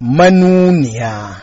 manuniya.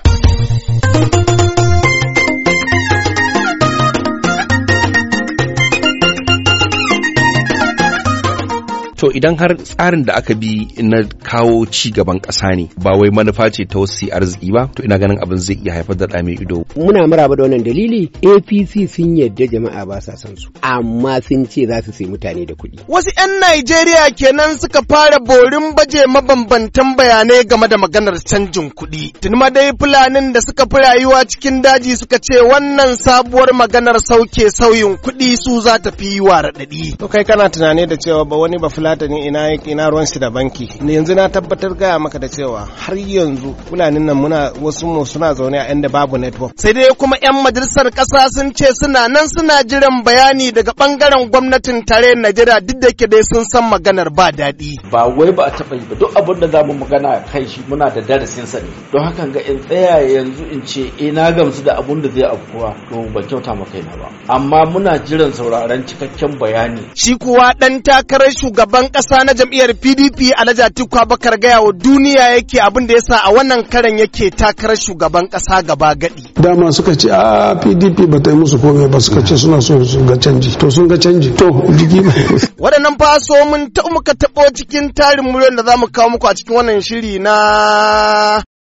so idan har tsarin da aka bi na kawo ci gaban ƙasa ne ba wai manufa ce ta wasu arziki ba to ina ganin abin zai iya haifar da ɗame ido muna maraba da wannan dalili apc sun yarda jama'a ba sa son su amma sun ce za su sai mutane da kuɗi wasu 'yan najeriya kenan suka fara borin baje mabambantan bayanai game da maganar canjin kuɗi tuni ma dai fulanin da suka fi rayuwa cikin daji suka ce wannan sabuwar maganar sauke sauyin kuɗi su za ta fi wa raɗaɗi to kai kana tunani da cewa ba wani ba fulani ne ina ina ruwan shi da banki yanzu na tabbatar gaya maka da cewa har yanzu fulanin nan muna wasu mu suna zaune a inda babu network sai dai kuma yan majalisar kasa sun ce suna nan suna jiran bayani daga bangaren gwamnatin tare na jira duk da ke dai sun san maganar ba daɗi ba wai ba a taɓa yi ba duk abin da zamu magana kai shi muna da darasin sa ne don hakan ga in tsaya yanzu in ce ina eh, gamsu da abun da zai afkuwa to ba kyauta ma kaina ba amma muna jiran sauraron cikakken bayani shi kuwa dan takarar shugaban shugaban ƙasa na jam'iyyar PDP Alhaji Atiku Bakar gaya wa duniya yake abin da yasa a wannan karan yake takarar shugaban ƙasa gaba gadi. Dama suka ce a PDP ba ta yi musu komai ba suka ce suna so su ga canji to sun ga canji to jiki Waɗannan faso mun ta muka taɓo cikin tarin miliyon da za mu kawo muku a cikin wannan shiri na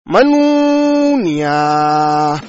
manuniya.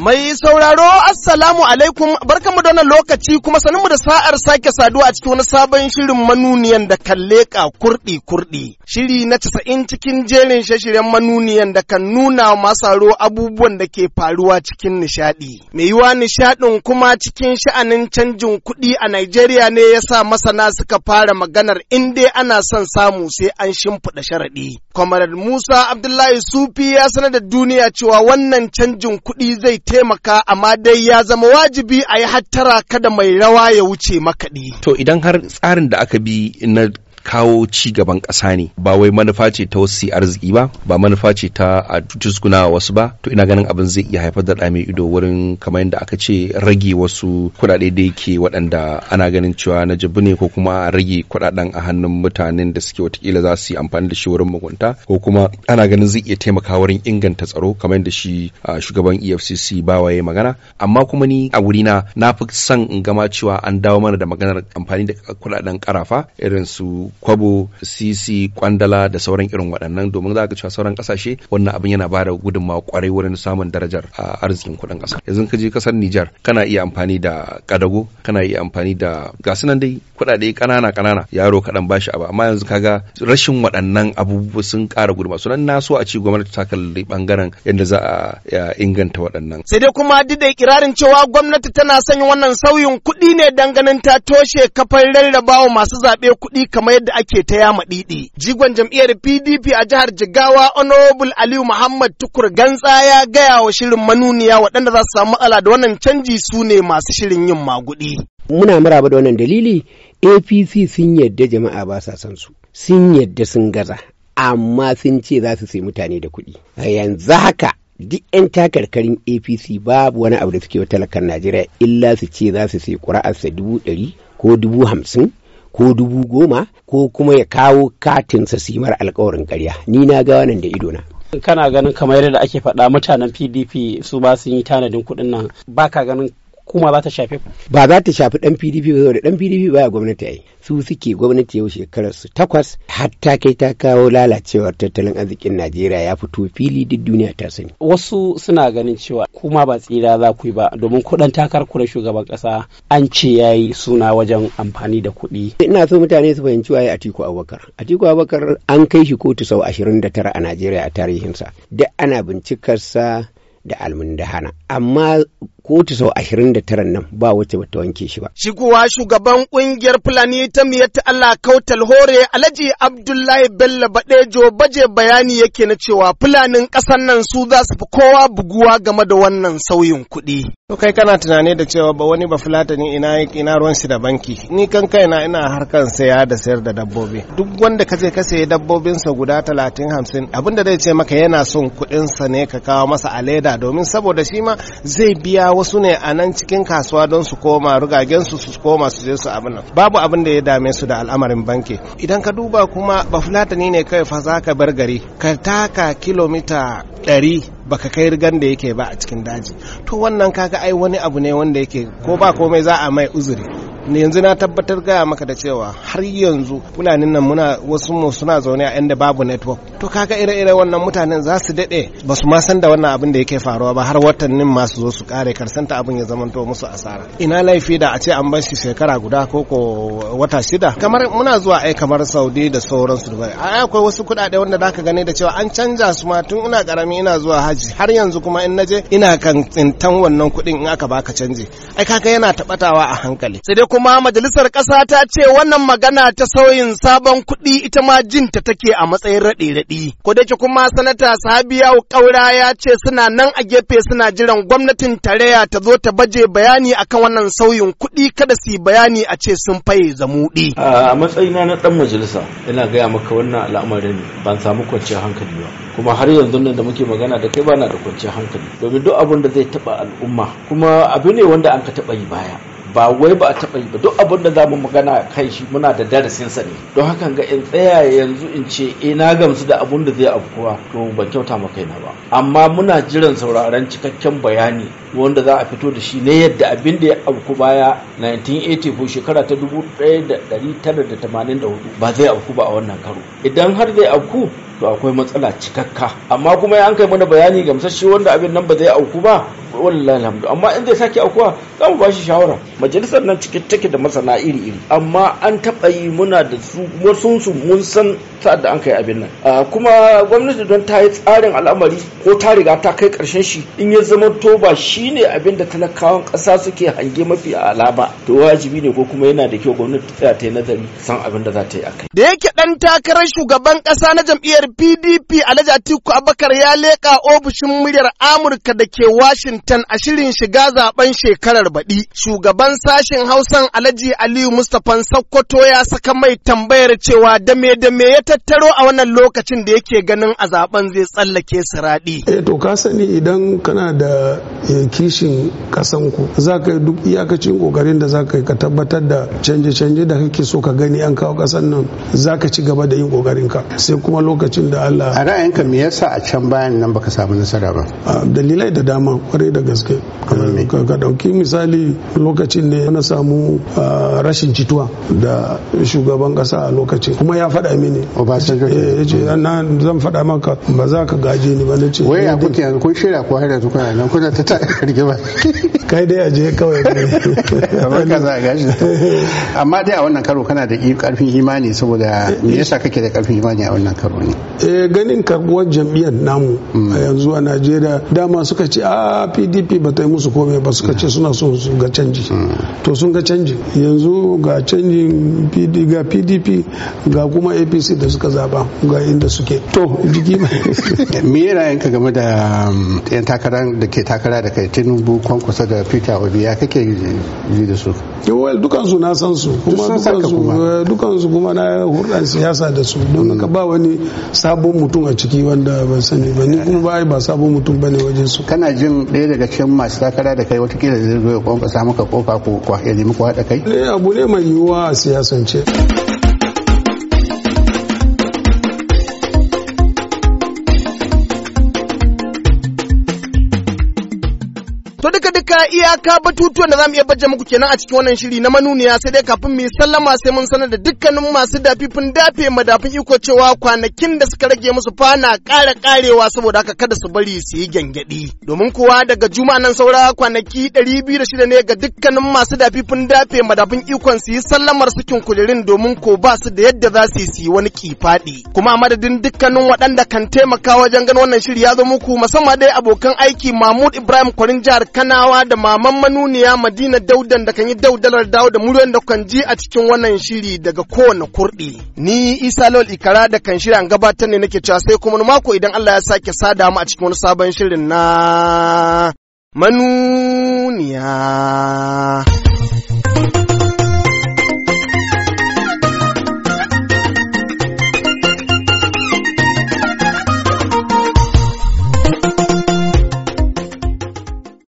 Mai sauraro Assalamu alaikum barkanmu da wannan lokaci kuma sanin mu da sa'ar sake saduwa a cikin wani sabon shirin manuniyan da kan leƙa kurɗi kurɗi. Shiri na casa'in cikin jerin shashiren manuniyan da kan nuna masu aro abubuwan da ke faruwa cikin nishaɗi. Mai yiwa nishaɗin kuma cikin sha'anin canjin kuɗi a Najeriya ne ya sa masana suka fara maganar in dai ana son samu sai an shimfiɗa sharaɗi. Kwamarar Musa Abdullahi Sufi ya sanar da duniya cewa wannan canjin kuɗi zai taimaka amma dai ya zama wajibi a yi hattara kada mai rawa ya wuce makaɗi. To idan har tsarin da aka bi na kawo ci gaban ƙasa ne ba wai manufa ce ta wasu arziki ba ba manufa ce ta a tuskuna wasu ba to ina ganin abin zai iya haifar da mai ido wurin kamar yadda aka ce rage wasu kuɗaɗe da yake waɗanda ana ganin cewa na jibi ne ko kuma a rage kuɗaɗen a hannun mutanen da suke watakila za su yi amfani da shi wurin mugunta ko kuma ana ganin zai iya taimaka wurin inganta tsaro kamar yadda shi shugaban efcc bawaye magana amma kuma ni a wurina na fi son in gama cewa an dawo mana da maganar amfani da kuɗaɗen karafa irin su kwabo sisi kwandala da sauran irin waɗannan domin za ka cewa sauran ƙasashe wannan abin yana bada gudunmawa kwarai wurin samun darajar a arzikin kuɗin ƙasa yanzu ka je ƙasar Nijar kana iya amfani da kadago kana iya amfani da gasu nan dai kuɗaɗe ƙanana ƙanana yaro kaɗan bashi abu amma yanzu kaga rashin waɗannan abubuwa sun ƙara gudunmawa sunan na so a ci gwamnati ta kalli ɓangaren yadda za a inganta waɗannan. Sai dai kuma duk da ikirarin cewa gwamnati tana sanya wannan sauyin kuɗi ne danganin ta toshe kafar rarrabawa masu zaɓe kuɗi kamar yadda ake ta yama ɗiɗi. Jigon jam'iyyar PDP a jihar Jigawa Honorable Aliyu Muhammad Tukur Gantsa ya gaya wa shirin manuniya waɗanda za su samu matsala da wannan canji su ne masu shirin yin maguɗi. Muna maraba da wannan dalili APC sun yadda jama'a ba sa son su, sun yadda sun gaza, amma sun ce za su sai mutane da kuɗi. A yanzu haka duk 'yan takarkarin apc babu wani abu da suke wa talakar najeriya illa su ce za su sai ƙuri'arsa dubu ɗari ko dubu hamsin ko dubu goma ko kuma ya kawo katinsa simar alkawarin karya ni na ga wannan da idona kana ganin kamar yadda ake faɗa mutanen pdp su ba sun yi tanadin kuɗin nan ba ka ganin hukuma za ta shafe ku ba za ta shafi ɗan PDP ba da dan PDP baya gwamnati ai su suke gwamnati yau shekarar su takwas hatta kai ta kawo lalacewar tattalin arzikin Najeriya ya fito fili duk duniya ta sani wasu suna ganin cewa kuma ba tsira za ku yi ba domin kuɗin takar na shugaban ƙasa an ce ya yi suna wajen amfani da kuɗi ina so mutane su fahimci waye Atiku Abubakar Atiku Abubakar an kai shi kotu sau ashirin da tara a Najeriya a tarihinsa duk ana bincikarsa da almundahana amma kotu sau ashirin da tara nan ba wacce bata wanke shi ba. shiguwa shugaban kungiyar Fulani ta miyata Allah Kautal Hore Alhaji Abdullahi Bello Badejo baje bayani yake na cewa Fulanin ƙasar nan su za su fi kowa buguwa game da wannan sauyin kuɗi. To kai kana tunani da cewa ba wani ba Fulatani ina ina ruwan shi da banki. Ni kan kaina ina harkan saya da sayar da dabbobi. Duk wanda ka je ka sayi dabbobinsa guda talatin hamsin abinda zai ce maka yana son kuɗinsa ne ka kawo masa a domin saboda shi ma zai biya wasu ne a nan cikin kasuwa don su koma rugagen su su koma su je su abin nan babu abin da ya dame su da al'amarin banki idan ka duba kuma bafulatani ne kai fa za ka bar gari ka taka kilomita ɗari baka kai rigan da yake ba a cikin daji to wannan kaga ai wani abu ne wanda yake ko ba komai za a mai uzuri yanzu na tabbatar gaya maka da cewa har yanzu fulanin nan muna wasu mu suna zaune a inda babu network to kaga ire-ire wannan mutanen za su daɗe ba su ma san da wannan abin da yake faruwa ba har watannin masu zo su kare karsanta abin ya to musu asara ina laifi da a ce an bar shi shekara guda ko ko wata shida kamar muna zuwa ai kamar saudi da sauransu dubai ai akwai wasu kuɗaɗe wanda zaka gane da cewa an canja su ma tun ina karami ina zuwa haji har yanzu kuma in naje ina kan tsintan wannan kuɗin in aka baka canji ai kaga yana tabatawa a hankali sai dai kuma majalisar ƙasa ta ce wannan magana ta sauyin sabon kuɗi ita ma jinta take a matsayin raɗe-raɗe kuɗi. Ko da kuma sanata Sabiya Kaura ya ce suna nan a gefe suna jiran gwamnatin tarayya ta zo ta baje bayani akan wannan sauyin kuɗi kada su yi bayani a ce sun faye zamuɗi. A matsayina na ɗan majalisa ina gaya maka wannan al'amarin ban samu kwanciyar hankali ba kuma har yanzu nan da muke magana da kai bana da kwanciyar hankali domin duk abin da zai taɓa al'umma kuma abu ne wanda an ka taɓa yi baya ba wai ba a taɓa yi ba duk abin da za mu magana kai shi muna da darasinsa ne don hakan ga in tsaya yanzu in ce 'Eh na gamsu da abun da zai afkuwa to ban kyauta ma kaina ba amma muna jiran sauraron cikakken bayani wanda za a fito da shi ne yadda abin da ya afku baya 1980 ko shekara ta 1984 ba zai afku ba a wannan karo idan har zai afku to akwai matsala cikakka amma kuma ya an kai mana bayani gamsasshe wanda abin nan ba zai auku ba wallahi alhamdu amma in zai sake aukuwa za mu ba shi shawara majalisar nan cike take da masana iri-iri amma an taɓa yi muna da su su mun san sa'ad da an kai abin nan ah, kuma gwamnati don ta yi tsarin al'amari ko ta riga ta kai ƙarshen shi in ya zama to ba shi ne abin da talakawan ƙasa suke hange mafi ala ba to wajibi ne ko kuma yana da kyau gwamnati ta ta yi nazari san abin da za ta yi akai. da yake ɗan takarar shugaban ƙasa na jam'iyyar pdp alhaji atiku abakar ya leƙa ofishin muryar amurka da ke washington a shirin shiga zaben shekarar baɗi shugaban shugaban sashen Hausan Alhaji Aliyu Mustapha Sokoto ya saka mai tambayar cewa dame dame ya tattaro a wannan lokacin da yake ganin a zaben zai tsallake siraɗi. E eh, to ka sani idan kana da eh, kishin kasan ku za ka duk iyakacin kokarin da za ka yi ka tabbatar da canje canje da kake so ka gani an kawo kasan nan za ka ci gaba da yin kokarin ka sai kuma lokacin da Allah. A ra'ayinka me yasa a can bayan nan baka samu nasara ba? Ah, dalilai da dama kwarai da gaske. Ka ɗauki misali lokacin lokacin ne na samu rashin jituwa da shugaban kasa a lokacin kuma ya faɗa mini oh, eh, ya ce zan faɗa maka ba za ka gaje ni ba na ce wai eh, ya kuke kun shirya ko har tukwa nan kuna ta ta rigima kai dai aje kawai kamar ka za gashi amma dai a wannan karo kana da karfin imani saboda me yasa kake da karfin imani a wannan karo ne eh ganin karbuwar jam'iyyar namu mm. a yanzu a Najeriya dama suka ce a ah, PDP ba ta yi musu komai ba suka ce suna so su ga canji mm. to sun ga canji yanzu ga canjin ga PDP ga kuma APC da suka zaba ga inda suke to jiki me yanka game da um, yan takara da ke takara da kai Tinubu kwankwasa da peter obi ya kake yi da su yawon dukansu na san su kuma eh, dukansu kuma na hurɗar siyasa da su don ka mm. ba wani sabon mutum a ciki wanda ban sani ba ni kuma ba ba sabon mutum ba ne wajen su kana jin ɗaya daga cikin masu takara da kai watakila zai zo ya kwankwasa maka kofa ko kwa ya nemi ko haɗa kai eh, abu ne mai yiwuwa a siyasance Iya iyaka batutuwan da za mu iya baje muku kenan a cikin wannan shiri na manuniya sai dai kafin mu yi sallama sai mun sanar da dukkanin masu dafifin dafe madafin iko cewa kwanakin da suka rage musu fana ƙara ƙarewa saboda haka kada su bari su yi gyangyaɗi. Domin kuwa daga juma'a nan saura kwanaki ɗari biyu da shida ne ga dukkanin masu dafifin dafe madafin ikon su yi sallamar sukin kulirin domin ko ba su da yadda za su yi wani kifaɗi. Kuma madadin dukkanin waɗanda kan taimaka wajen ganin wannan shiri ya zo muku musamman dai abokan aiki Mahmud Ibrahim Kwarin jihar Kanawa da maman manuniya Madina Daudan da kan yi daudalar dawo da muryoyin da kan ji a cikin wannan shiri daga kowane kurɗi. Ni Isa Lawal Ikara da kan shirya gabatar ne nake cewa sai kuma mako idan Allah ya sake sada mu a cikin wani sabon shirin na manuniya.